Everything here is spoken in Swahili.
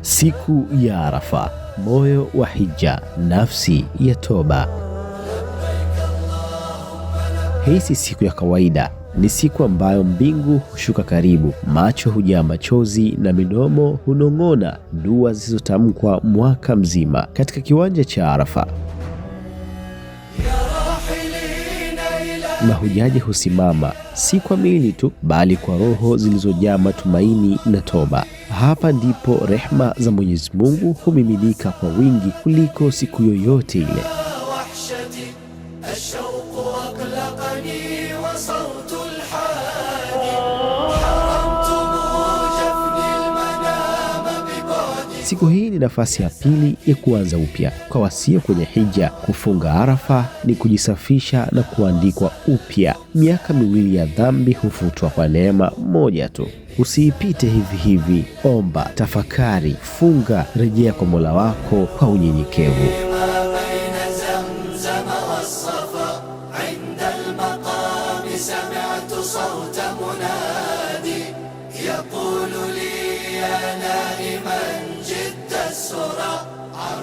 Siku ya Arafa, moyo wa hija, nafsi ya toba. Hii si siku ya kawaida. Ni siku ambayo mbingu hushuka karibu, macho hujaa machozi na midomo hunong'ona dua zilizotamkwa mwaka mzima. Katika kiwanja cha Arafa, mahujaji husimama si kwa miili tu, bali kwa roho zilizojaa matumaini na toba. Hapa ndipo rehma za Mwenyezi Mungu humiminika kwa wingi kuliko siku yoyote ile. Siku hii ni nafasi ya pili ya kuanza upya. Kwa wasio kwenye hija, kufunga Arafa ni kujisafisha na kuandikwa upya. Miaka miwili ya dhambi hufutwa kwa neema moja tu. Usiipite hivi hivi. Omba, tafakari, funga, rejea kwa Mola wako kwa unyenyekevu. من جد السرى